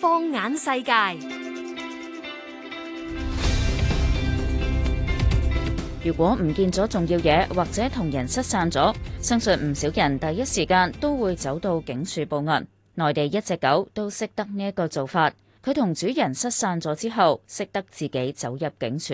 放眼世界，如果唔見咗重要嘢，或者同人失散咗，相信唔少人第一時間都會走到警署報案。內地一隻狗都識得呢一個做法，佢同主人失散咗之後，識得自己走入警署。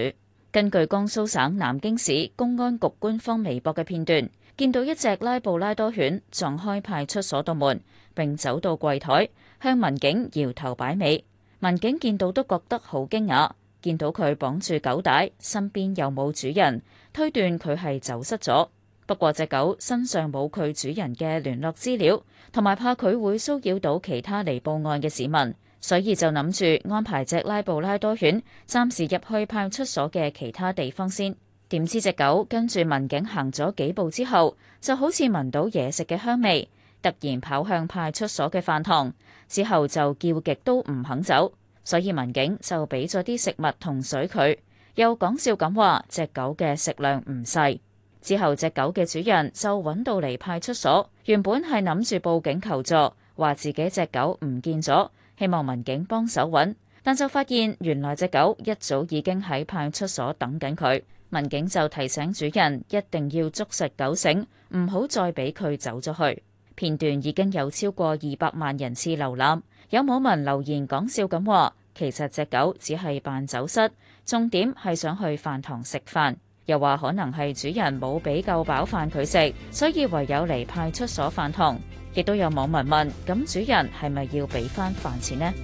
根據江蘇省南京市公安局官方微博嘅片段，見到一隻拉布拉多犬撞開派出所道門，並走到櫃台向民警搖頭擺尾。民警見到都覺得好驚訝，見到佢綁住狗帶，身邊又冇主人，推斷佢係走失咗。不過隻狗身上冇佢主人嘅聯絡資料，同埋怕佢會騷擾到其他嚟報案嘅市民，所以就諗住安排隻拉布拉多犬暫時入去派出所嘅其他地方先。點知隻狗跟住民警行咗幾步之後，就好似聞到嘢食嘅香味，突然跑向派出所嘅飯堂，之後就叫極都唔肯走，所以民警就俾咗啲食物同水佢，又講笑咁話隻狗嘅食量唔細。之後隻狗嘅主人就揾到嚟派出所，原本係諗住報警求助，話自己隻狗唔見咗，希望民警幫手揾。但就發現，原來隻狗一早已經喺派出所等緊佢。民警就提醒主人一定要捉實狗繩，唔好再俾佢走咗去。片段已經有超過二百萬人次瀏覽，有網民留言講笑咁話：其實隻狗只係扮走失，重點係想去飯堂食飯。又話可能係主人冇俾夠飽飯佢食，所以唯有嚟派出所飯堂。亦都有網民問：咁主人係咪要俾返飯錢呢？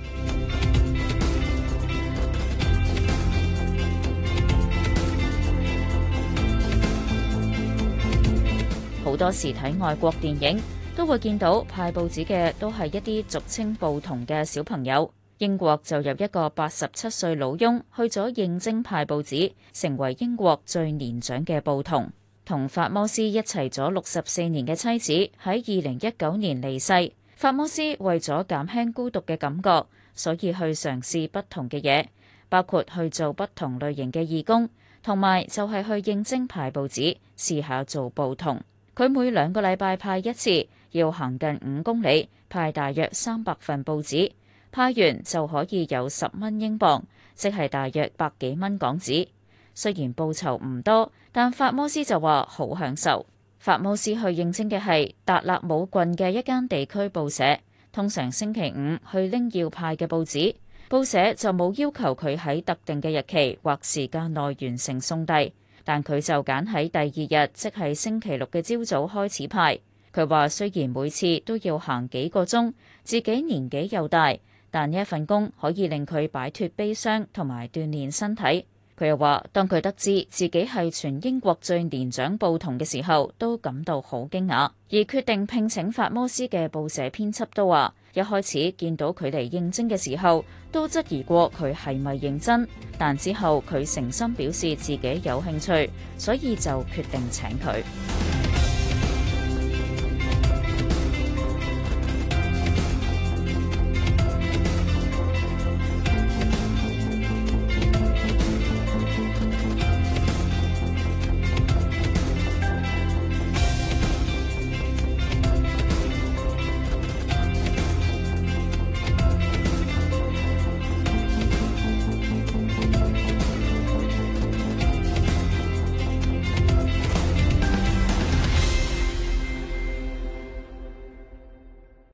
好多時睇外國電影都會見到派報紙嘅都係一啲俗稱報童嘅小朋友。英國就有一個八十七歲老翁去咗應徵派報紙，成為英國最年長嘅報童。同法摩斯一齊咗六十四年嘅妻子喺二零一九年離世。法摩斯為咗減輕孤獨嘅感覺，所以去嘗試不同嘅嘢，包括去做不同類型嘅義工，同埋就係去應徵派報紙，試下做報童。佢每兩個禮拜派一次，要行近五公里，派大約三百份報紙。派完就可以有十蚊英鎊，即係大約百幾蚊港紙。雖然報酬唔多，但法摩斯就話好享受。法摩斯去認證嘅係達勒姆郡嘅一間地區報社，通常星期五去拎要派嘅報紙，報社就冇要求佢喺特定嘅日期或時間內完成送遞。但佢就揀喺第二日，即係星期六嘅朝早開始派，佢話，雖然每次都要行幾個鐘，自己年紀又大，但呢一份工可以令佢擺脫悲傷同埋鍛鍊身體。佢又話：當佢得知自己係全英國最年長報童嘅時候，都感到好驚訝。而決定聘請法摩斯嘅報社編輯都話：一開始見到佢嚟應徵嘅時候，都質疑過佢係咪認真，但之後佢誠心表示自己有興趣，所以就決定請佢。